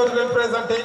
dootu leen présenté